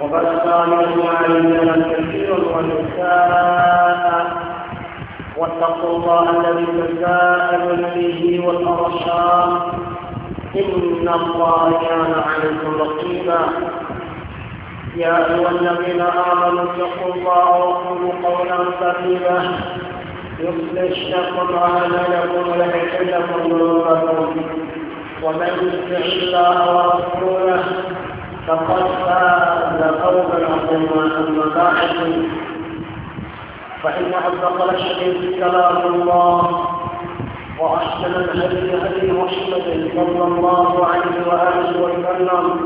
وقد قالوا علمنا كثيرا ونساء واتقوا الله الذي تساءلون به والارشام ان الله كان عليكم رقيبا يا ايها الذين امنوا اتقوا الله وقولوا قولا سديدا يصلح لكم اعمالكم ويغفر لكم ذنوبكم ومن يطع الله ورسوله فقد فاز قوما عظيما اما بعد فان اصدق الحديث كلام الله واحسن الهدي هدي محمد صلى الله عليه واله وسلم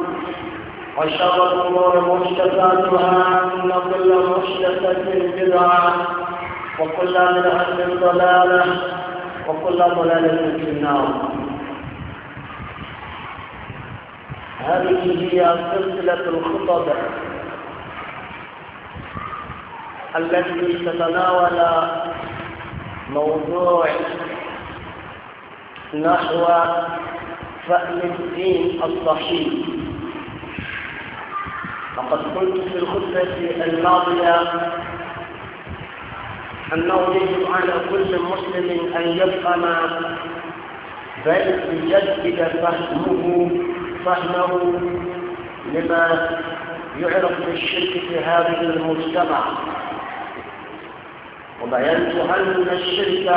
وشر الامور محدثاتها ان كل محدثه بدعه وكل بدعه ضلاله وكل ضلاله في النار هذه هي سلسلة الخطب التي تتناول موضوع نحو فهم الدين الصحيح لقد قلت في الخطبة الماضية أنه يجب على كل مسلم أن يفهم بل يجدد فهمه فهمه لما يعرف بالشرك في هذه المجتمع وبينت أن الشرك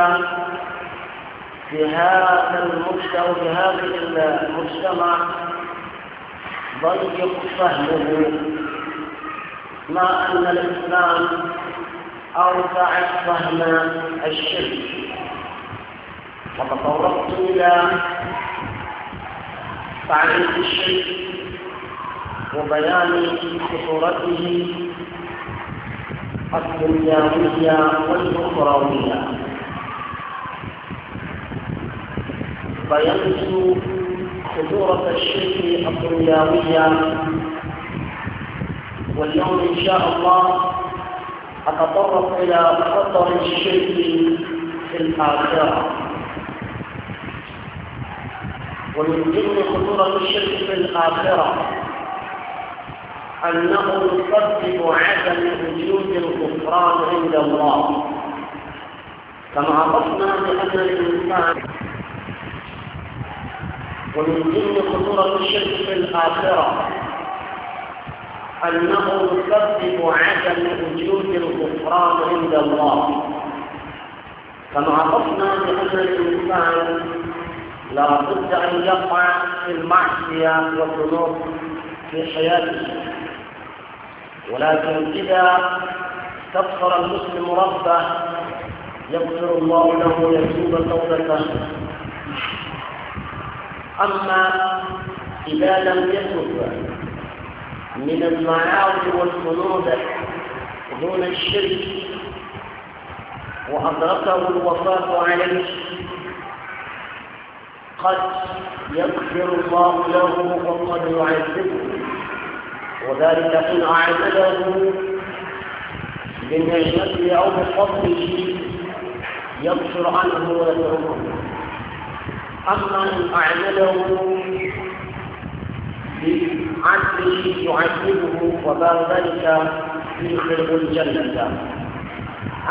في هذا المجتمع في هذه المجتمع ضيق فهمه مع أن الإسلام أوسع فهم الشرك وتطرقت إلى تعريف الشيء وبيان خطورته الدنيوية والأخروية فيمس خطورة الشرك الدنيوية واليوم إن شاء الله أتطرق إلى خطر الشرك في الآخرة ومن ضمن خطورة الشرك في الآخرة أنه يسبب عدم وجود الغفران عند الله كما عرفنا بأن الإنسان ومن ضمن خطورة الشرك في الآخرة أنه يسبب عدم وجود الغفران عند الله كما عرفنا بأن الإنسان لا بد أن يقع في المعصية والذنوب في حياته ولكن إذا استغفر المسلم ربه يغفر الله له يتوب توبته أما إذا لم يتب من المعاصي والذنوب دون الشرك وأدركه الوفاة عليه قد يغفر الله له وقد يعذبه وذلك إن اعذبه من أو بفضله يغفر عنه ويدعوه أما إن اعذبه بعدله يعذبه وما ذلك يدخله الجنة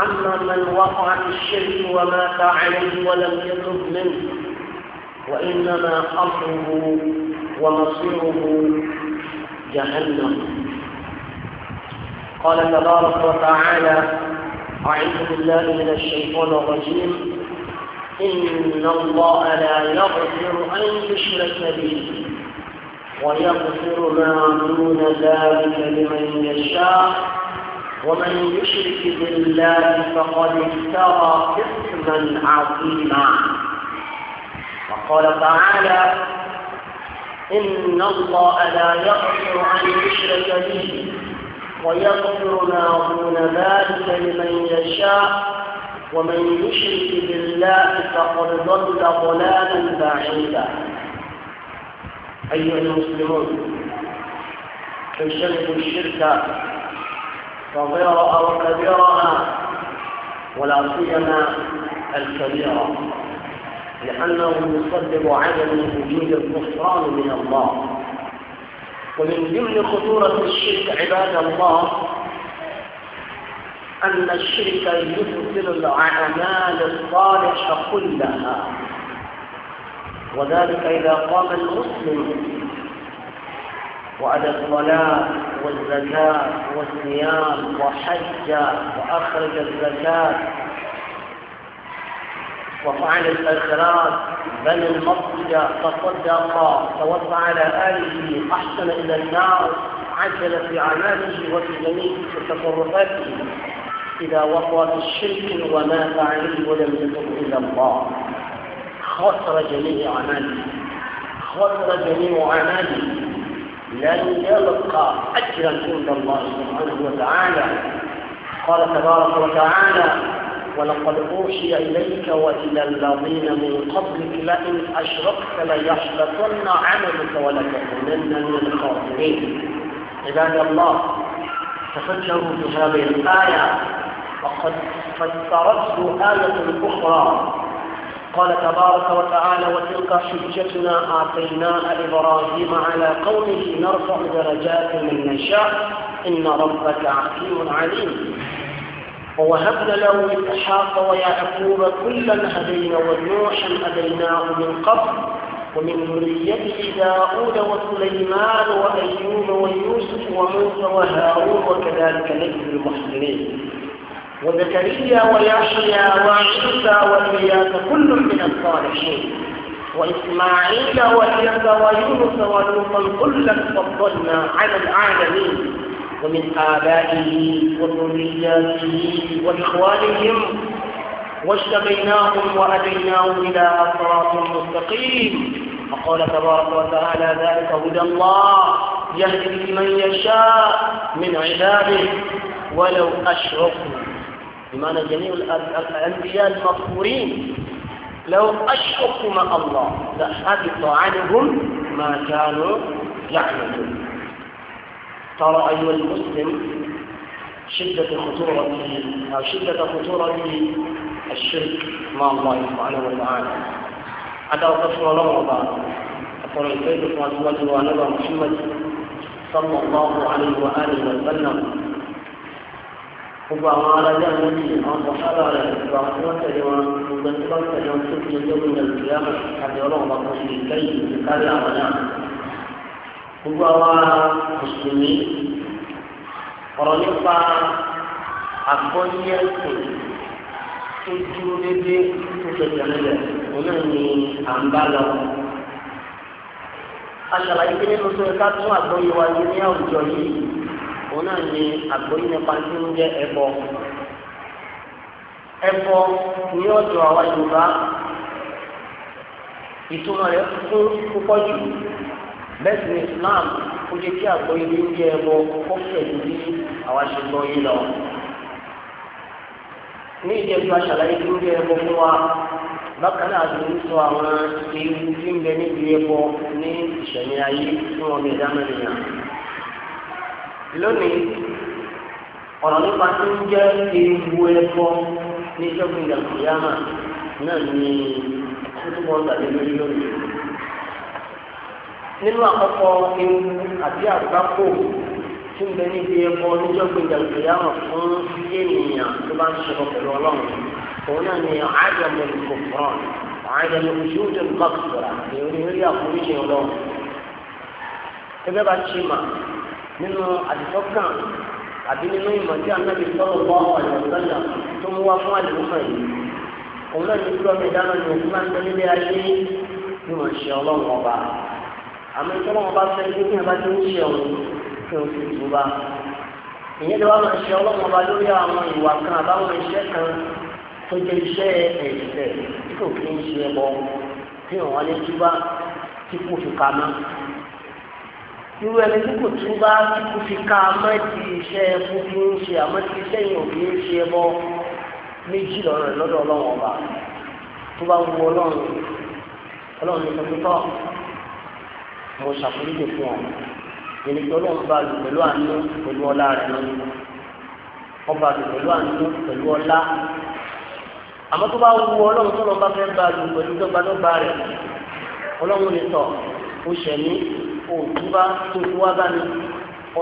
أما من وقع في الشرك ومات عليه ولم يتب منه وإنما قصره ومصيره جهنم قال تبارك وتعالى أعوذ بالله من الشيطان الرجيم إن الله لا يغفر أن يشرك به ويغفر ما دون ذلك لمن يشاء ومن يشرك بالله فقد افترى إثما عظيما وقال تعالى إن الله لا يغفر أن يشرك به ويغفر ما دون ذلك لمن يشاء ومن يشرك بالله فقد ضل ضلالا بعيدا أيها المسلمون اجتنبوا الشرك صغيرها وكبيرها ولا سيما الكبيرة لأنه يسبب عدم وجود الغفران من الله ومن ضمن خطورة الشرك عباد الله أن الشرك يبطل الأعمال الصالحة كلها وذلك إذا قام المسلم وأدى الصلاة والزكاة والصيام وحج وأخرج الزكاة وفعل الخيرات بل المسجد تصدق توضع على آله أحسن إلى النار عجل في أعماله وفي جميع تصرفاته إذا وقع في الشرك ومات عليه ولم يتب إلى الله خسر جميع أعماله خسر جميع أعماله لن يلقى أجرا عند الله سبحانه وتعالى قال تبارك وتعالى ولقد أوحي إليك وإلى الذين من قبلك لئن أشركت ليحبطن عملك ولتكونن من الخاسرين عباد الله تفكروا في هذه الآية وقد فسرته آية أخرى قال تبارك وتعالى وتلك حجتنا آتيناها إبراهيم على قومه نرفع درجات من نشاء إن ربك حكيم عليم ووهبنا له إسحاق ويعقوب كلا هدينا ونوحا هديناه من قبل ومن ذريته داود وسليمان وأيوب ويوسف وموسى وهارون وكذلك نجزي المحسنين وزكريا ويحيى وعيسى والياس كل من الصالحين وإسماعيل واليسى ويونس ولوطا كلا فضلنا على العالمين ومن آبائه وذرياته وإخوانهم واجتبيناهم وهديناهم إلى صراط مستقيم وقال تبارك وتعالى ذلك هدى الله يهدي من يشاء من عباده ولو أشركوا بمعنى جميع الأنبياء المغفورين لو أشركوا مع الله لحبط عنهم ما كانوا يعملون ترى أيها المسلم شدة خطورة أو شدة خطورة الشرك مع الله سبحانه وتعالى حتى أقصر له رضا أقول الفيض صلى الله عليه محمد صلى الله عليه وآله وسلم هو ما على جهنمي أن تحرى على إبراهيم سجوا مبنسبا سجوا سجوا سجوا من القيامة حتى يرغب قصر الكيد بكار عملان gbogbo àwọn mùsùlùmí ọ̀rọ̀ nípa àgbọ́yé ẹ̀sìn tó dúró dédé tó fẹsẹ̀ nílẹ̀ òun náà ni à ń bá lọ. aṣàlàyé pé nínú sọ ká tún àgbọ́yé wa yé ní àwùjọ yìí òun náà ni àgbọ́yé nípa tí ń jẹ́ ẹbọ. ẹbọ ní ọ̀dọ̀ àwa Yorùbá ìtumọ̀ rẹ̀ fún púpọ̀ jù bẹ́ẹ̀ ni Islam ó yẹ kí àgbọ̀yé ní oúnjẹ ẹbọ kó pẹ̀lú bí àwa ṣe gbọ́ yìí lọ. ní ìjẹ́jú aṣàlàyé ní oúnjẹ ẹbọ fún wa bákan náà ló ń sọ àwọn ewu tí ń bẹ níbi ẹbọ ní ìṣẹ̀lẹ̀ ayé fún ọmọ ẹ̀dá mẹ́rìnà. lónìí ọ̀rọ̀ nípa tó ń jẹ́ ewu ẹbọ ní ìjọba ìdàgbàsókè náà ní ọdún kan tàbí lórí lónìí nínú àkọ́kọ́ ewu àbí àgbákò tí ń bẹ níbi ẹbọ níjọ́ gbẹ̀gbẹ̀ ìgbéyàwó fún ènìyàn tó bá ń ṣẹlẹ̀ pẹ̀lú ọlọ́run òun náà ni àjọmọ̀ ìkòkòrán àjọmọ̀ ìṣúdù mọ́kìtìrà èyí ni orí àforíṣẹ́ ọlọ́run. ẹgbẹ́ bá ṣe mà nínú àdìsọ́kàn àbí nínú ìmọ̀ tí anábì sọ̀rọ̀ bọ́ ọ̀lẹ́sọ̀nà tó mú wá fún àdìsọ́kàn àmọ́ ìṣọ́ náà bá fẹ́ kí ẹ bá ti ń ṣe ọ̀hún kí o sì tó bá. ìyẹn ló wá máa ṣe ọlọ́run ọba lórí àwọn ìwà kan àbáwọn iṣẹ́ kan tó jẹ́ iṣẹ́ ẹ̀ṣẹ̀ tí kò kí ń ṣe ẹbọ tí òun wọlé túbá tí kò fi ka mọ́. irú ẹni tí kò túbá tí kò fi ka mọ́ ti iṣẹ́ ẹkú kí ń ṣe àmọ́ ti iṣẹ́ yìí ò kí ń ṣe ẹbọ méjì lọ́rọ̀ lọ́dọ̀ ọlọ́run ọba tó bá wù ọlọ́run ọlọ́run ní mo ṣàforíjì fún ọ ìrìnkì ọlọ́run bá lù pẹ̀lú àánú pẹ̀lú ọlá rẹ̀ lọ́nà ọba lù pẹ̀lú àánú pẹ̀lú ọlá àmọ́ tó bá wu ọlọ́run tó lọ bá fẹ́ bá lù pẹ̀lú dọ́gbadọ́gba rẹ̀ ọlọ́run lè tọ̀ ó ṣẹ̀mí òtúbá tó tó wá bá mi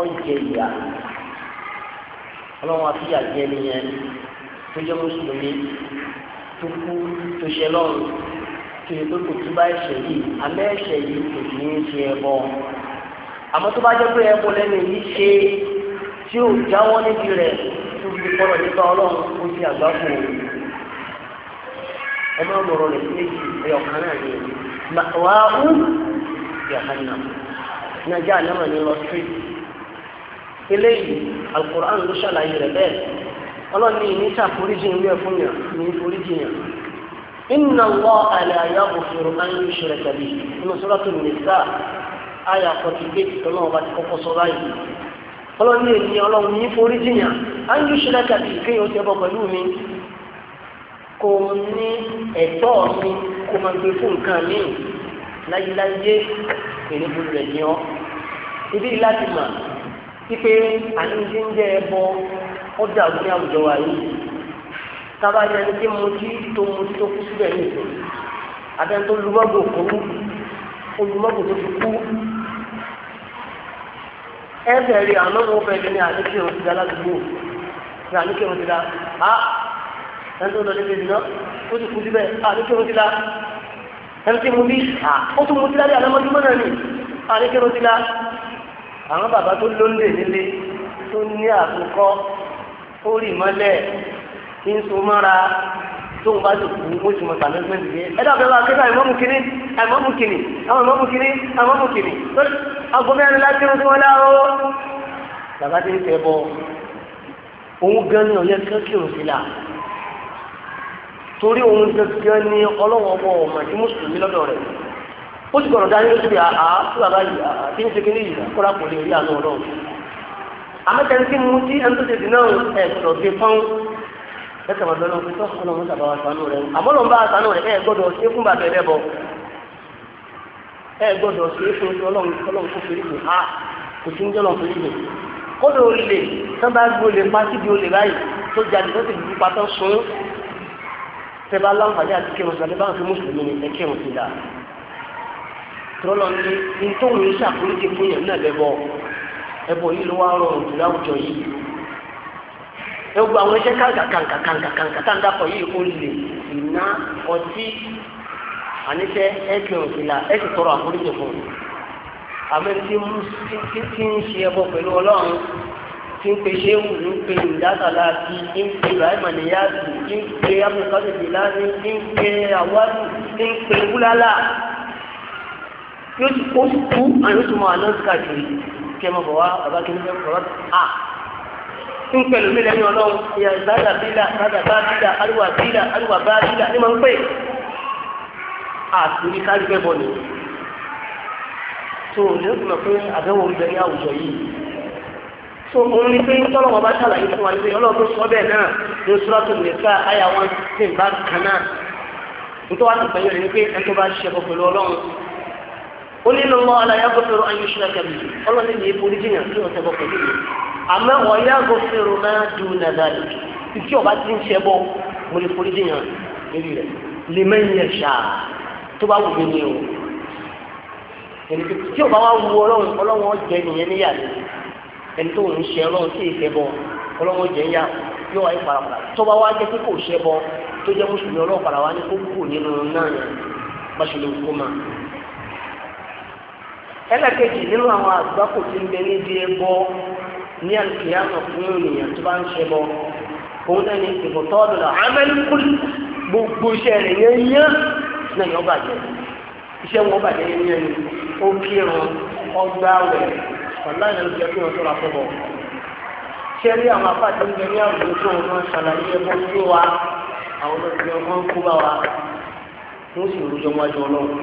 ọ̀jẹ̀ ìyá ọlọ́run àfíyà jẹ́ nìyẹn tó jẹ́ mùsùlùmí tó kú tó ṣe lọ́rùn. tó yẹ pé kò tún bá ẹ̀ṣẹ̀ yìí àmọ́ ẹ̀ṣẹ̀ yìí kò ní í ṣe ẹbọ àmọ́ tó bá jẹ́ pé ẹbọ lẹ́nu yìí ṣe tí ò jáwọ́ níbi rẹ̀ tó fi kọrọ nípa Ọlọ́run ó ti àgbákò ẹ má mọ̀rọ̀ rẹ̀ sí méjì ẹyọ náà ni wà á hù yàhánà nàjà àlámà ní إن الله لا يغفر أن يشرك به من سورة النساء آية قتيبة الله بات قصراي Ọlọ́run ní èyí ọlọ́run a ń yí ṣílẹ̀ kàbí kí o tẹ́bọ̀ pẹ̀lú mi, kò ní ẹ̀tọ́ mi kò máa gbé fún nǹkan mi sábà yẹn ní kí mo jí tó mo jí tó kú síbẹ̀ ní ìsìn abẹ́ni tó lumọ́gbò kú olùmọ́gbò tó ti kú ẹ̀fẹ̀ rí àná wọn fẹ́ ní àdékè wọn ti da ládùúgbò ní àdékè wọn ti da a ẹni tó lọ níbi ìdìná ó ti kú síbẹ̀ àdékè wọn ti da ẹni tí mo bí a ó tún mo ti àlámọ́júmọ́ náà ni àdékè wọn ti da àwọn bàbá tó lóńdè nílé tó ní àtúnkọ́ ó rì mọ́lẹ̀ tí ń so mọ́ra tó ń bá tó kú ó sì mọ tàlẹ́sìmẹ́ntì yẹn ẹ dàbẹ́ wa kí ẹ mọ́mú kínní ẹ mọ́mú kínní àwọn mọ́mú kínní àwọn mọ́mú kínní agbọ́mẹ́rin láti rún sí wọn bàbá ti ń tẹ bọ òun gan ni ọ̀yẹ́ kẹ́kẹ́ òun sí la torí òun gangan ni ọlọ́wọ́ ọmọ ọmọ tí mùsùlùmí lọ́dọ̀ rẹ̀ ó ti gbọ́dọ̀ dání lóṣù yà á fún bàbá yìí á ń ṣe kí yìí kọ́ra kò lè rí àná ọlọ́run àmọ́tẹ́ni tí mo ti ẹni tó ṣe dì náà ẹ̀ ẹsẹ̀ wọn lọ́nà pé tọ́sí ọlọ́run tàbá wa sànú rẹ̀ àmọ́ lọ́n bá wa sànú rẹ̀ ẹ gbọ́dọ̀ ṣe fún bàtà ẹlẹ́bọ ẹ gbọ́dọ̀ ṣe fún ọlọ́run ọlọ́run kó fèrè mi ha kò sí ń jẹ́ ọlọ́run fèrè mi kódò olè o bá gbé olè pa síbi olè báyìí tó jáde tó sì dùdú pa tán sún tẹ́bá láǹfààní àti kírun sí àdébáwọn fi mùsùlùmí ni ẹ kírun sí dáa tọ́lọ́ ní ní tóun ṣàkóso fún yẹn náà lẹ́bọ̀ ẹ̀bọ̀ yìí o wá rọrùn jù láwùjọ yìí ẹ gbogbo àwọn iṣẹ́ kàǹkà kàǹkà kàǹkà kàǹkà tá à ń dàpọ̀ yìí ó lè ìná ọtí àníṣe ẹ kì í òfìlà ẹ sì tọrọ àforíjì fún un àmọ́ tí ń ṣe ẹbọ pẹ̀lú ọlọ́run tí ń pe ṣéwù ń pe ìdásàlá ti ń pe ibrahim àníyáàtì ń pe abdulkadir jìláni ń pe awadu ń pe wúlálà yóò ti kó kú àyọ̀túnmọ̀ àná káàkiri kí ẹ máa bọ̀ wá bàbá kí ní fẹ́ kọ̀ọ̀tà ń pẹ̀lú mi lẹ́yìn ọlọ́run ìyá ìbáda bílà bàdà bá bílà àríwá bílà àríwá bá bílà ni máa ń pè àtúrí kárí bẹ́ẹ̀ bọ̀ nìyí. tó o lè mọ̀ pé àbẹ̀wò ń bẹ ní àwùjọ yìí. tó o ní pé tọ́lọ́wọ́ bá ṣàlàyé fún wa níbi ọlọ́run tó sọ bẹ́ẹ̀ náà ní sùràtù nìkà àyà wọn ti bá kan náà. nítorí wàá ti pẹ̀lú rẹ̀ ni pé ẹ onílò mọ aláyàgòfèrò ayélujára ọlọ́ni ní epo oríjìnà tí wọ́n ṣẹbọ pẹ̀lú mi àmọ́ ọ̀yàgòfèrò náà dùn nàdà ìtí ọba ti ń ṣẹbọ mo lè forí jìnà lórí rẹ̀ lè mẹ́yìn ẹ̀ṣà tó bá wù mí ni o ẹni tí ọba wa wu ọlọ́run ọlọ́run ọjẹ́ nìyẹn níyà ni ẹni tó ń ṣe ọlọ́run sí ìṣẹbọ ọlọ́run ọjẹ́ níyà yóò wáyé parapara tó bá wá jẹ́ pé kò ṣẹbọ tó jẹ́ mùsùlùmí ọlọ́run para wa ní kó kù nínú náà yẹn bá ṣe lè kó máa ẹlẹ́kẹ̀jì nínú àwọn àgbákò tí ń bẹ níbi ẹbọ ní àlùkìyàmọ̀ fún ènìyàn tó bá ń ṣe bọ òun náà ní ìbòtọ́ ọ̀dọ̀ àmẹ́lùkùn gbogbo iṣẹ́ rẹ̀ yẹn yẹn náà yọ bàjẹ́ iṣẹ́ wọn bàjẹ́ yẹn yẹn ni ó kírun ọgbà rẹ̀ ọ̀la ìlànà ìjẹ́ kí wọ́n sọ̀rọ̀ àfọ́bọ̀ ṣé rí àwọn apáàtì ń bẹ ní àwùjọ tó wọn ṣàlàyé ẹbọ sí wa àwọn ọmọ ìgbẹ́ wọn kó bá wa wọ́n sì rújọ́ wájú ọlọ́run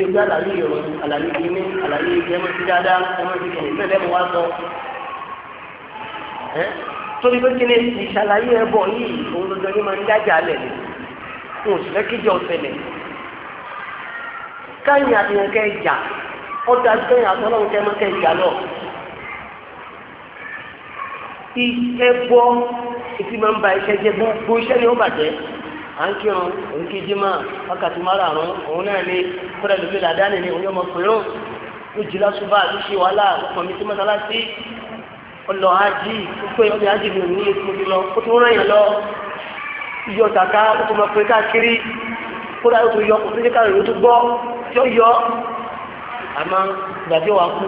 ṣe bí àlàyé ìròyìn àlàyé ìní àlàyé ìjẹmọ sí dáadáa ẹmọ sí kìnnìún bẹ́ẹ̀ lẹ́mu wá sọ. torí pé kí ni ìṣàlàyé ẹbọ yìí òun lójó ní máa ń dájà alẹ̀ ni n ò sì fẹ́ kíjọ ọ̀sẹ̀lẹ̀. káyìn àtìyàn kẹ́ ìjà ọ̀dà kẹ́yìn àtọ́lọ́run kẹ́ mọ́ kẹ́ ìjà lọ. ẹbọ ìfimọ̀ ń ba iṣẹ́ jẹ gbogbo iṣẹ́ ni ó bàjẹ́ à ń kírun òun kí jimá wákàtí márààrún òun náà ni kódà lómi làdáni ni òun yóò mọ pèrò ó jìlá ṣubá àti ṣe wàhálà ọkàn mi ti mọ́sálásí ọlọ́ ájì pé ọdẹ ájì mi ò ní ètò mi lọ ó tún ràn yàn lọ yọ tàkà ó tún mọ pé káàkiri kódà ó tún yọ kó tó ní káàkiri ó tún gbọ́ tí ó yọ àmọ́ ìgbà tí wàá kú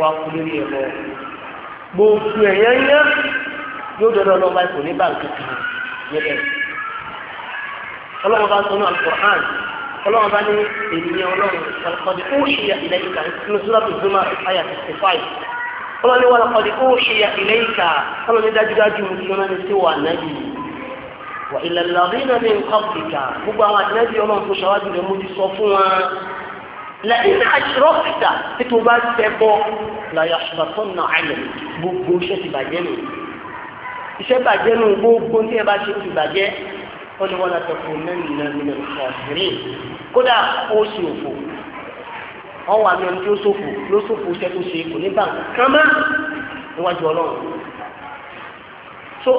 wàá kú lórí ẹ̀rọ gbogbo ẹ̀yẹ́ yẹn yóò dọ́dọ́ lọ́ba ìkò ní báńkì kan níbẹ̀ ọlọ́run bá ń sọ ní alukur'an ọlọ́run bá ní ènìyàn ọlọ́run ọlọ́kọ̀dé ó ṣìyà ilẹ̀ ìka nínú sọ́dọ̀tù zuma ayà sixty five ọlọ́run ní wàlọ́kọ̀dé ó ṣìyà ilẹ̀ ìka ọlọ́run ní dájúdájú mùsùlùmí ní sí wà nábì wà ilẹ̀ làbínà ní nkọ́pìkà gbogbo àwọn àtìlẹ́bí ọlọ́run tó ṣàwájú rẹ̀ mú ti sọ fún wa lẹ́yìn àṣírọ́pìtà tí tó bá tẹ bọ́ láyà ṣùgbọ́n àlẹ́ ó ní wọ́n tẹ̀kù nẹ́nìyàn nínú kódà ó sì òfò wọ́n wà ní ọdún tí ó ṣòfò ló iṣẹ́ tó ṣe kò ní so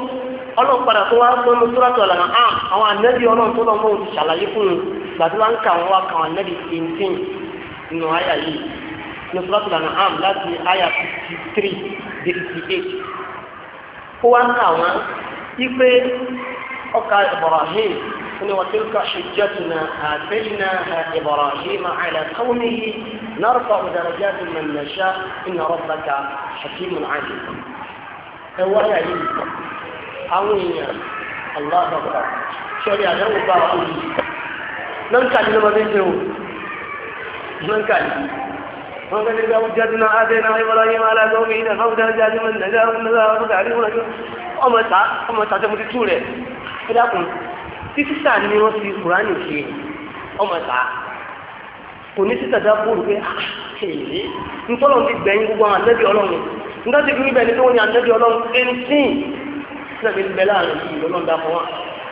ọlọ́run padà tó wá fún mi sóràtọ̀ ọ̀làmà á àwọn ànábì ọlọ́run tó lọ́mọ òun ti fún ń kà wá kà yìí ní حكى إبراهيم وتلك حجتنا آتيناها إبراهيم على قومه نرفع درجات من نشاء إن ربك حكيم عليم هو يعيد عوني الله أكبر شريعة لو بارك من كان لما بيته من كان وكذلك حجتنا آتينا إبراهيم على قومه نرفع درجات من نشاء إن ربك حكيم عليم ọmọ ta ọmọ ta tẹmu ti tú rẹ ẹ dákun tí sísà ni wọ́n fi kùránì ṣe ọmọ ta kò ní sísà dábòrò pé ah, ṣèlè ntọ́lọ́ ti gbẹ̀yìn gbogbo àwọn àtẹ́bí ọlọ́run nígbà tí kìíní bẹ́ẹ̀ ni tó ní àtẹ́bí ọlọ́run eighteen sísà mi bẹ́ẹ̀ láàrin yìí lọ́lọ́run dàpọ̀ wọn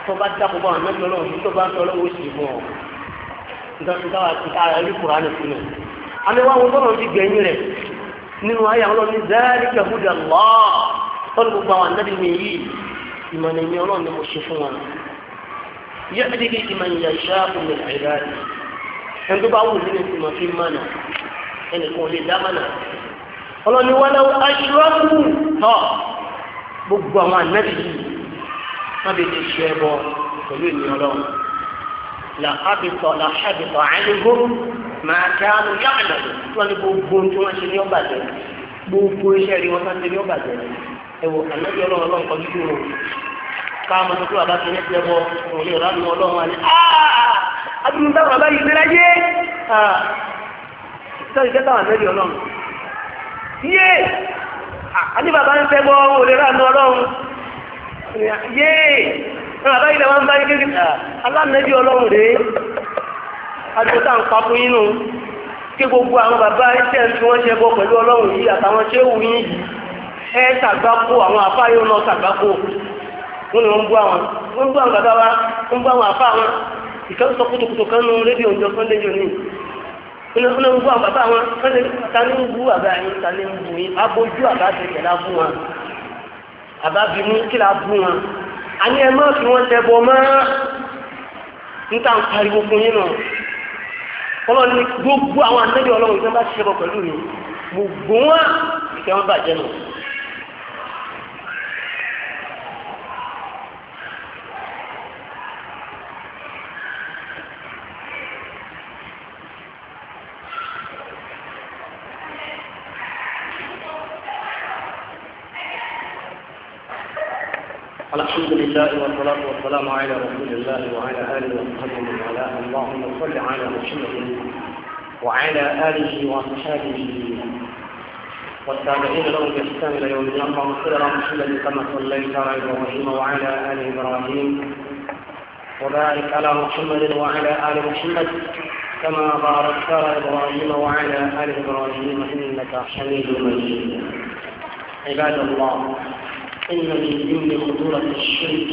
tó bá dàpọ̀ bọ́ àtẹ́bí ọlọ́run tó bá ń tọ́ ọlọ́run ó sì fún ọ ntọ́síntàwà ti ara rí kùránì fún mi àmì wa wọn tọ́lọ́ ti gbẹ̀yìn rẹ̀ nínú ayé àwọn ọlọ́run ní zalika hudallah tọ́lù gbogbo àwọn àtẹ́bí mi yìí ìmọ̀nà ìmí ọlọ́run ni mo ṣe fún wọn yẹ́dí bí ìmọ̀ ìyá iṣẹ́ àkùnrin àìrá rẹ̀ ẹni tó bá wù nínú ìmọ̀ fi mọ̀nà ẹnìkan lè dá mọ̀nà ọlọ́ni wọn náà aṣíwájú tọ́ gbogbo àwọn ànábì yìí wọ́n bẹ ti ṣe ẹbọ pẹ̀lú ìmí ọlọ́run là ábìtọ̀ àìlégó màá kí á lọ tí wọ́n ní gbogbo tí wọ́n ṣe ní ọ̀bàjẹ́ ẹwọ ànábi ọlọ́run ọlọ́run kọjú sí wọn káàmù tó tó àbá tó ní ẹsẹ̀ bọ òun lè rà nù ọlọ́run àní adúlù dáwọn abáyé ìlera yé sọ́yìn kẹta wà nẹ́bí ọlọ́run yé àní bàbá ń fẹ́ bọ́ òun lè rà nù ọlọ́run yé bàbá yìí làwọn bá yí kékeré alánẹ́bí ọlọ́run rèé adúlù táwọn pa fún yín nù kí gbogbo àwọn bàbá iṣẹ́ tí wọ́n ṣe bọ́ pẹ̀lú ọlọ́run yìí àtàwọn ṣé wù yín yìí ẹ tàgbákò àwọn àfáyé lọ tàgbákò wọn ni wọn bú àwọn wọn bú àwọn bàbá wa wọn bú àwọn àfá wọn ìkan sọ kùtùkùtù kan nù rédíò ìjọ sunday jọ wọn ni wọn bú àwọn bàbá wọn ta ni ń bú àbá yín ta ni ń bú yín abojú àbá ti kẹlá bú wọn àbá bí mú kí la bú wọn àní ẹ má fi wọn tẹbọ mọ n ta n pariwo fún yín nù ọlọ́run ni gbogbo àwọn anẹ́bí ọlọ́run ìjọba ṣiṣẹ́ pọ̀ pẹ̀lú mi gbogbo wọn ìfẹ́ wọn bàjẹ́ nù. الله والصلاة والسلام على رسول الله وعلى آله وصحبه ومن والاه اللهم صل على محمد وعلى آله وصحبه والتابعين لهم بإحسان إلى يوم الدين اللهم صل على محمد كما صليت على إبراهيم وعلى آل إبراهيم وبارك على محمد وعلى آل محمد كما باركت على إبراهيم وعلى آل إبراهيم إنك حميد مجيد عباد الله إن من ضمن خطورة الشرك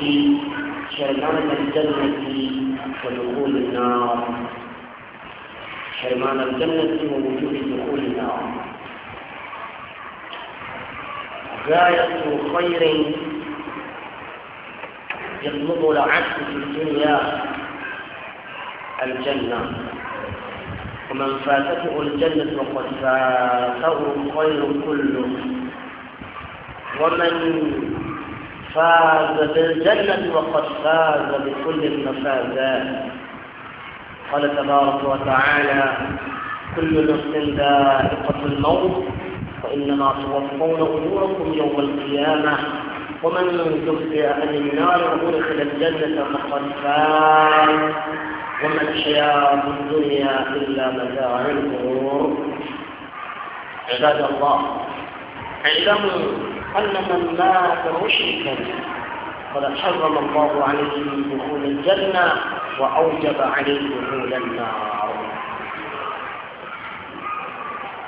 حرمان الجنة ودخول النار حرمان الجنة ووجود دخول النار غاية خير يطلب العبد في الدنيا الجنة ومن فاتته الجنة فقد فاته الخير كله ومن فاز بالجنة وقد فاز بكل المفازات قال تبارك وتعالى كل نفس ذائقة الموت وإنما توفون أجوركم يوم القيامة ومن تخفي عن النار وأدخل الجنة فقد فاز وما الحياة الدنيا إلا متاع الغرور عباد الله اعلموا أن من مات مشركا قد حرم الله عليه دخول الجنة وأوجب عليه دخول النار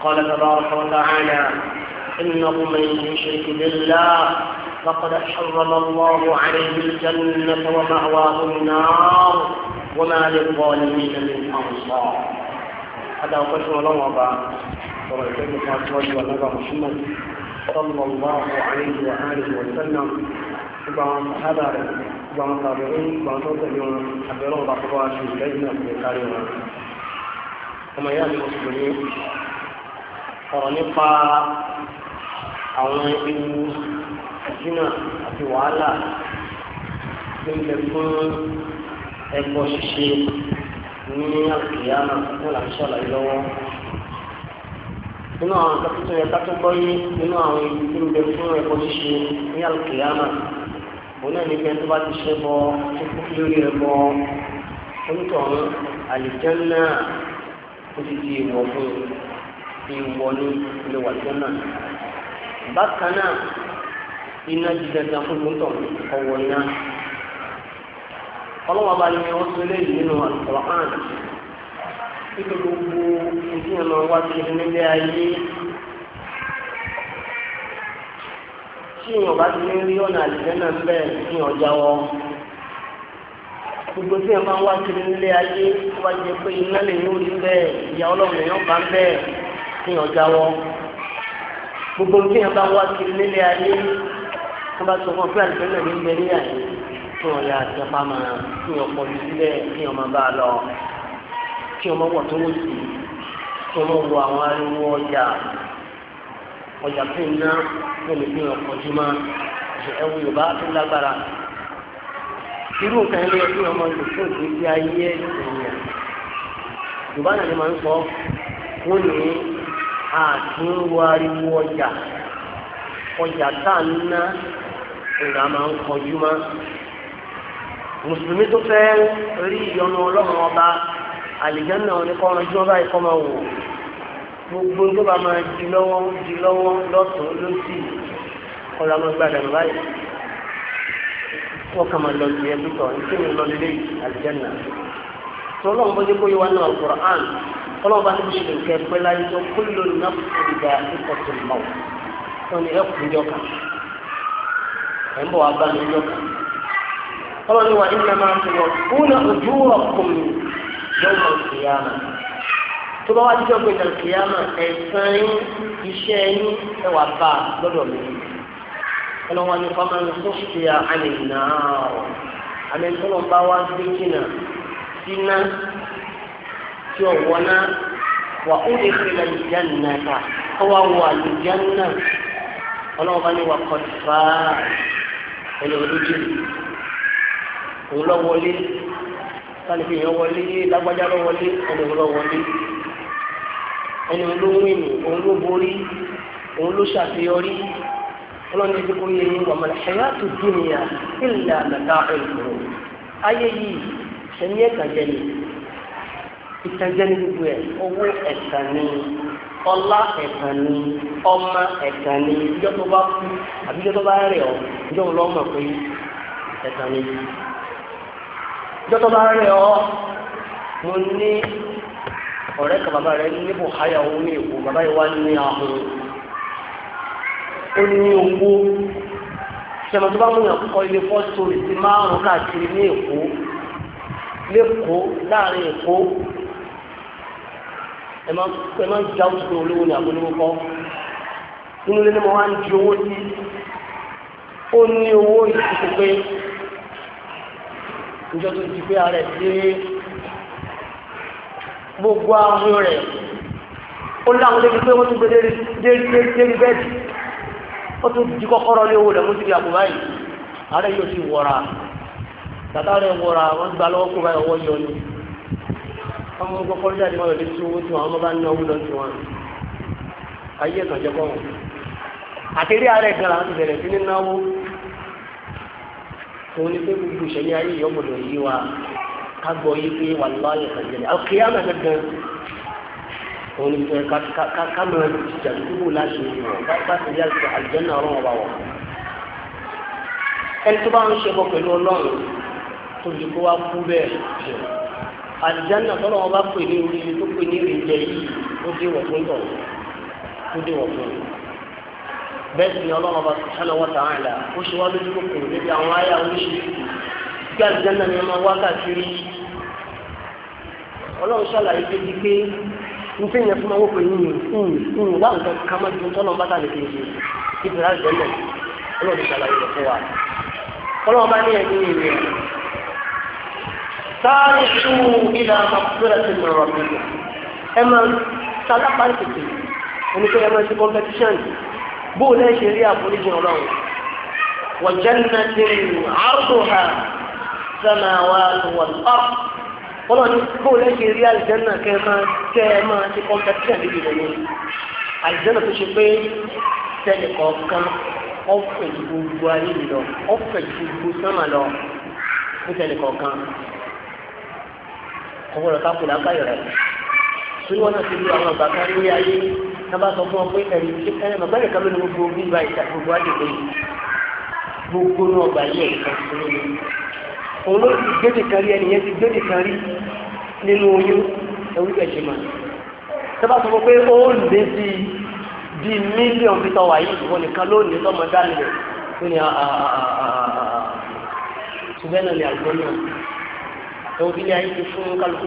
قال تبارك وتعالى إنه من يشرك بالله فقد حرم الله عليه الجنة ومأواه النار وما للظالمين من أنصار هذا هو قسم ọ̀rọ̀ ìfẹ́mi ká tọ́jú alága muhammad sallallahu alayhi wa alihi wa sallam gbogbo àwọn sàhábà rẹ̀ gbogbo àwọn sàbẹ̀rẹ̀ gbogbo àwọn tó tẹ̀lé wọn abẹ́rẹ́ wọn bá kọ́kọ́ wá sí ìlẹ́yìn náà kò kárí wọn. ọmọ ìyá mi mùsùlùmí ọ̀rọ̀ nípa àwọn ewu ìdínà àti wàhálà tó ń bẹ fún ẹ̀kọ́ ṣíṣe ní àkìyà náà fún àṣàlàyé lọ́wọ́ nínú àwọn akẹ́kọ̀ọ́ yẹn kátó gbọ́ yé nínú àwọn ibi tí ń bẹ fún ẹ̀kọ́ ṣíṣe ní alùkìyàmà òun náà ní pẹ́ẹ́n tó bá ti ṣe bọ́ tó kú lórí rẹ̀ bọ́ onítọ̀hún àlìjẹ́nà ó ti di ìwọ̀ fún ìwọ̀ ní ilé wàlìjẹ́nà bákan náà iná jíjẹta fún lóńtọ̀ ọ̀wọ̀ iná ọlọ́wọ́ bá ní wọ́n nínú àlùkò títí gbogbo ojú ọ̀nà wa ti rí nílé ayé tí èèyàn bá ti ní rí ọ̀nà àlùfẹ́ náà bẹ́ẹ̀ ní ọjà wọn gbogbo tí èèyàn bá wá kiri nílé ayé tó bá jẹ pé iná lè ní orí bẹ́ẹ̀ ìyá ọlọ́run èèyàn bá ń bẹ́ẹ̀ ní ọjà wọn gbogbo tí èèyàn bá wá kiri nílé ayé tó bá sọ pé àlùfẹ́ náà ní bẹ́ẹ̀ ní àyè tí wọ́n yà àti ẹ̀pá máa ń fi ọ̀pọ̀ jù sílẹ̀ kí wọ́n máa bá a lọ kí ọmọ wọ̀ tó wọ́n sí kí ọmọ wọ àwọn ariwo ọjà ọjà tó ń ná wọn lè fi hàn kọjú mọ́ ẹwù yorùbá tó lágbára irú nǹkan ẹni ẹbí ọmọ lò fún ìgbésí ayé ènìyàn yorùbá náà ni máa ń sọ wọn ní àtúnwò ariwo ọjà ọjà tá à ń ná ìlà máa ń kọjú mọ́ mùsùlùmí tó fẹ́ rí ìyọnu ọlọ́run ọba àlìjánà oníkọ́ran jí wọ́n báyìí kọ́ máa wò gbogbo tó bá máa di lọ́wọ́ di lọ́wọ́ lọ́tún lọ́sì ọ̀rọ̀ àwọn gbàdà báyìí wọ́n kà máa lọ sí ẹbí tọ̀ nítorí mi lọ lélẹ́yìí àlìjánà tó lọ́wọ́ bó dé kó yẹ wá náà Al-Qur'an ọlọ́wọ́ bá ti ṣe nǹkan ẹgbẹ́ láyé tó kó lò ní ìgbà ìkọ̀tún mọ́ wọn ni ẹkùn yọkà ẹ̀ ń bọ̀ wá bá mi yọkà ọlọ́ni wa ìlànà àti wọn kúnlẹ̀ ojú ọ̀kùnrin lọ́wọ́ ìkìyàmà tó bá wá dídọ́ pé ìkìyàmà ẹ̀sán yín iṣẹ́ yín ẹwà bá lọ́dọ̀ mi ọlọ́wọ́n ní fọ́nmọ́ ní tó ṣe àmì náà àmì tó lọ bá wá gbé jìnnà síná tí ọ̀wọ́ náà wà ó lè fi lẹ́yìn jẹ́nà ká ó wá wọ àlùjẹ́nà ọlọ́wọ́n bá ní wà kọ́ ti fà á ẹni olójú òun lọ́wọ́lé sani fi yàn wọlé lágbájá lọ wọlé ẹni lọ wọlé ẹni ló ń wìn òun ló borí òun ló ṣàṣeyọrí ọlọ́ni ti kó yẹ yín wàmọ̀ ẹ̀yà tó dúnìyà ìlà nàta ẹ̀kọ́ ayé yìí sẹ́ni ẹ̀ka jẹni ìtàjẹni gbogbo ẹ̀ owó ẹ̀ka ni ọlá ẹ̀ka ni ọmọ ẹ̀ka ni ìjọ́ kú àbíjọ́ tó rẹ̀ ọ́ ìjọ́ wọn pé ẹ̀ka ni yìí jọ́tọ́ bá rẹ̀ ọ́ mo ní ọ̀rẹ́ kan bàbá rẹ̀ ní bùháyà òun ní èkó bàbá yìí wá ní ahun ó ní owó ṣẹlẹ̀ tó bá mú yàn kọ́ ilé fọ́tò ìsí márùn káàkiri ní èkó lẹ́kọ̀ọ́ láàrin èkó ẹ máa ń já òṣìṣẹ́ olówó ní àgbélówó kọ́ inú ilé ni mo wá ń di owó sí ó ní owó ìṣèpé níjọ́ tó ti pé ara ẹ̀ sí gbogbo àwọn rẹ̀ ó láwọn lébi pé wọ́n tún gbé dérí bẹ́ẹ̀dì ó tún di kọ́kọ́rọ́ lé owó rẹ̀ mú sí ìyàgò báyìí ara yóò ti wọ̀ra tàtà rẹ̀ wọ̀ra wọ́n gba lọ́wọ́ kó báyìí ọwọ́ yọ ni ọmọ kọ́kọ́rọ́ jáde wọ́n lọ sí owó tí wọ́n bá ń náwó lọ sí wọn ayé ẹ̀kànjẹ́ kọ́ wọn àtẹ̀rí ara ẹ̀ gan òun ni pé gbogbo ìṣẹ̀lẹ̀ ayé yìí ọgbọ̀dọ̀ yí wa ká gbọ́ yí pé wà láàyè kàjẹ́lẹ̀ àkíyàmọ̀ gẹ́gẹ́ òun ni pé ká máa jà dúró láti wọ̀ bá ti yá sí àlùjànnà ọ̀rọ̀ ọba wọ̀. ẹni tó bá ń ṣe bọ pẹ̀lú ọlọ́run tó lè kó wa kú bẹ́ẹ̀ àlùjànnà tọ́lọ́ wọn bá pè ní orí tó pè ní ìrìnjẹ yìí ó dé wọ̀ fún tọ̀ ó dé wọ̀ fún tọ̀. bẹ́ẹ̀ sì ni ọlọ́run ọba subhanahu wa ta'ala ó ṣe wá lójú kòkòrò níbi àwọn àyà oríṣiríṣi bí àjẹ́nà ni ọmọ wákàtí ọlọ́run ṣàlàyé pé pé n fẹ́ yẹn fún ọmọ pé ń ń wá nǹkan ká má ju tọ́lọ́ bá tàbí kejì ibi rà jẹ́nà ọlọ́run ṣàlàyé rẹ̀ fún wa ọlọ́run bá ní ẹ̀mí rẹ̀ sáré ìlà ti bóò lẹ́ ṣe rí àforíjì ọlọ́run wọ̀jẹ́nà ti àrùtò ha sẹ́nà wa wọ̀n ọ́ ọlọ́run bóò lẹ́ ṣe rí àlìjẹ́nà kẹ́ máa kẹ́ máa ti kọ́ńtẹ́tìyà níbi ìrọ̀lẹ́ àlìjẹ́nà tó ṣe pé sẹ́nì kọ̀ọ̀kan ọ̀fẹ́ gbogbo ayé mi lọ ọ̀fẹ́ gbogbo sẹ́nà lọ fún sẹ́nì kọ̀ọ̀kan ọwọ́ rẹ̀ ká rẹ̀ sórí wọn náà ti lu àwọn àgbàkan ní ayé tá bá sọ fún ọ pé ẹ̀yìn ṣe ẹ̀yìn bàbá ìka ló ní gbogbo bí ìgbà ìta gbogbo àdìgbò yìí gbogbo náà gbà yẹ ìka ìṣòro yìí òun ló ti gbé nìkan rí ẹnìyẹn ti gbé nìkan rí nínú oyún ẹwú ẹ̀jẹ̀ mà tá bá sọ fún pé ó lé sí bí mílíọ̀nù fi tọ́ wà yìí ìwọ nìkan ló ní lọ́mọ dání rẹ̀ ó ní ṣùgbọ́n náà ní àgbọ̀n náà ẹ̀wọ̀n bí ilé ayé ti fún kálukú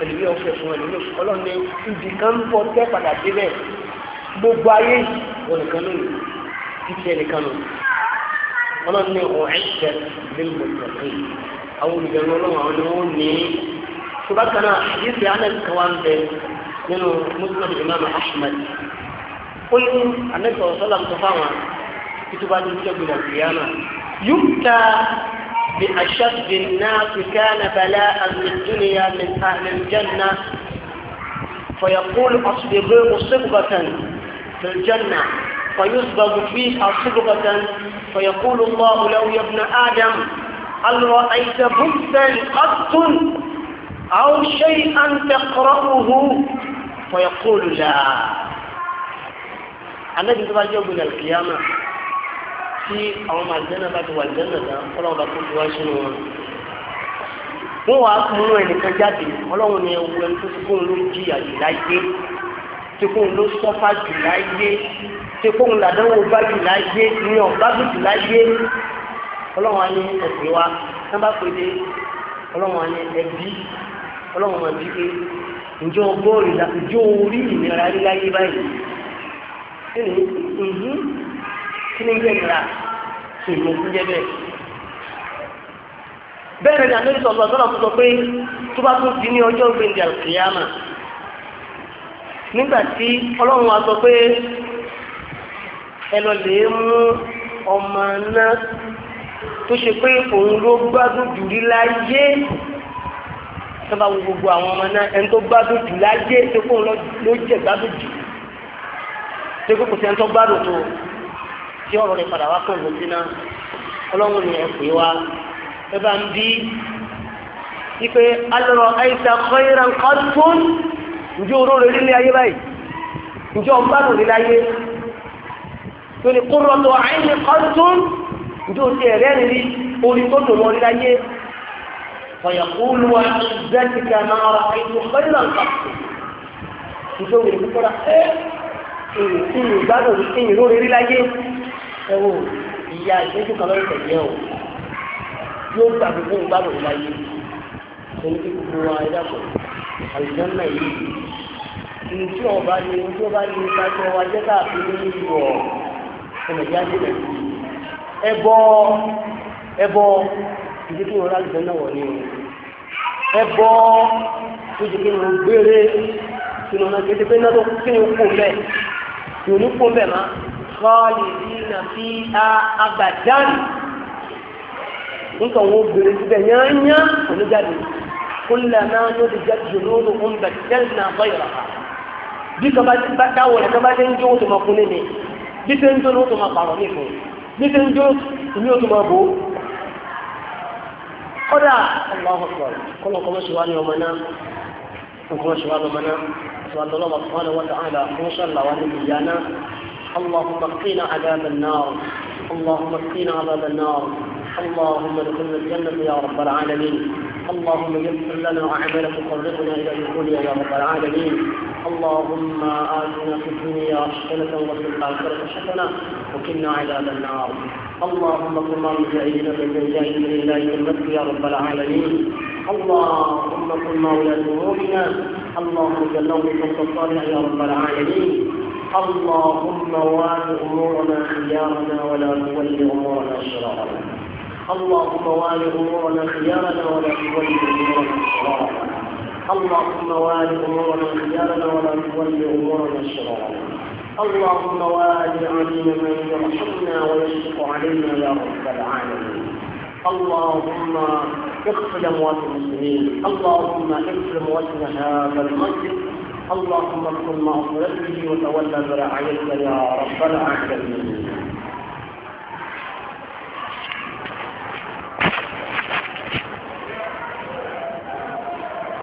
ẹlòmí ọ̀fẹ́ fún ẹlòmí ọlọ́run ní ibi kan ń bọ̀ tẹ́ padà débẹ̀ gbogbo ayé wọn nìkan lónìí títí ẹnìkan nù ọlọ́run ní ọ̀hún ẹ̀ṣẹ̀ nínú ìgbàgbọ́ yìí àwọn olùdarí ọlọ́run àwọn ni wọ́n ní ṣùgbọ́n kan náà àdìsí anas kan wá ń bẹ nínú muslim imam ahmed ó ní anas ọ̀sọ́lá ń sọ fáwọn títúbà ní ìjọba ìgbìyànjú بأشد الناس كان بلاء من الدنيا من أهل الجنة فيقول أصبغوا صبغة في الجنة فيصبغ فيها صبغة فيقول الله له يا ابن آدم هل رأيت بثا قط أو شيئا تقرأه فيقول لا النبي تبارك يوم القيامة tí àwọn màdìjánà bá ti wà jẹ́nà dá ọlọ́run bá tó fi wá sínú wọn. wọ́n wàá mú ẹnìkan jáde ọlọ́run ni ewu ẹni tó ti kóun ló jìyà jù láyé tí kóun ló sọ́fà jù láyé tí kóun làdánwò bá jù láyé ní ọ̀bá jù láyé ọlọ́run á ní ẹ̀sìn wa tí wọ́n bá pè dé ọlọ́run á ní ẹbí ọlọ́run máa bí pé ǹjọ́ bọ́ọ̀lù ìjọ orí ìnira rí láyé báyìí kí ni jẹ́ ìlà kí ni ti jẹ́ bẹ́ẹ̀. bẹ́ẹ̀ ni àlejò sọ̀rọ̀ sọ̀rọ̀ sọ pé tó bá tún di ní ọjọ́ gbẹ̀ngàn kìyàmà nígbà tí ọlọ́run wa sọ pé ẹ lọ lè mú ọmọ náà tó ṣe pé òun ló gbádùn jù rí láyé tó bá wo gbogbo àwọn ọmọ náà ẹni tó gbádùn jù láyé tó kóun ló jẹ gbádùn jù tó kókò sí ẹni tó gbádùn tó tí ọ̀rọ̀ rẹ̀ padà wá pọ̀ lọ sí náà ọlọ́run ni ẹ pè wá ẹ bá ń bí ipe alọ́rọ̀ àìsàn kọ́ìrán kọ́tún ǹjẹ́ oró rẹ̀ nílé ayé báyìí ǹjẹ́ ọba rẹ̀ nílé ayé tó ní kúrọ̀tò àìní kọ́tún ǹjẹ́ òsì ẹ̀rẹ́ nílé orí tó dùn mọ́ nílé ayé fọyàkúlù wa zẹ́tìkà náà àìsàn kọ́ìrán kọ́tún ǹjẹ́ òwúrẹ̀ kúkọ́ra ẹ́ ìrìn ìgbádùn ìrìn lórí rí ẹ wò ìyá ìṣẹ́jú kan lọ́rùn tẹ̀lé o yóò gbàgbé fún ìgbàgbọ́ ìláyé ẹni tí gbogbo wa ẹ àlùjọ náà yìí ní tí wọn bá ní tí wọn wa jẹ káàkiri ní ìlú ọ ọmọ ìyá jẹ bẹ́ẹ̀ ẹ àlùjọ náà wọ ní o ẹ bọ tó jẹ gbére pé náà tó kí wọn kó bẹ́ẹ̀ tí ní kó bẹ́ẹ̀ máa khalidina fiha abadan nǹkan wo bèrè síbẹ̀ yányá onígbàdì kullama nudijat juluduhum badalna ghayraha bí kaba ti bá dáwọ̀ rẹ̀ kaba ti ń jó tó ma kún ní mi bí ti ń jó tó ma pààrọ̀ ní fún bí ti ń jó ìmí tó ma bò kódà Allahu akbar kọ́nà kọ́mọ́ ṣe wá ọmọ náà kọ́mọ́ ṣe wá ní ọmọ náà ṣe wá lọ́wọ́ اللهم اقينا عذاب النار اللهم اقينا عذاب النار اللهم ادخلنا الجنة يا رب العالمين اللهم يسر لنا أعمال تقربنا إلى دخولها يا رب العالمين اللهم آتنا في الدنيا حسنة وفي الآخرة حسنة وكنا عذاب النار اللهم كن مع المجاهدين بالمجاهدين لله المسك يا رب العالمين اللهم كن مع ولاة أمورنا اللهم جنوب الصالح يا رب العالمين اللهم وال أمورنا خيارنا ولا تولي أمورنا شرارنا اللهم وال أمورنا خيارنا ولا تولي أمورنا شرارنا اللهم وال أمورنا خيارنا ولا تولي أمورنا شرارنا اللهم وال علينا من يرحمنا ويشفق علينا يا رب العالمين اللهم اغفر اموات المسلمين اللهم اغفر امواتنا هذا المسجد اللهم صل وسلم وتولى برعايتك يا رب العالمين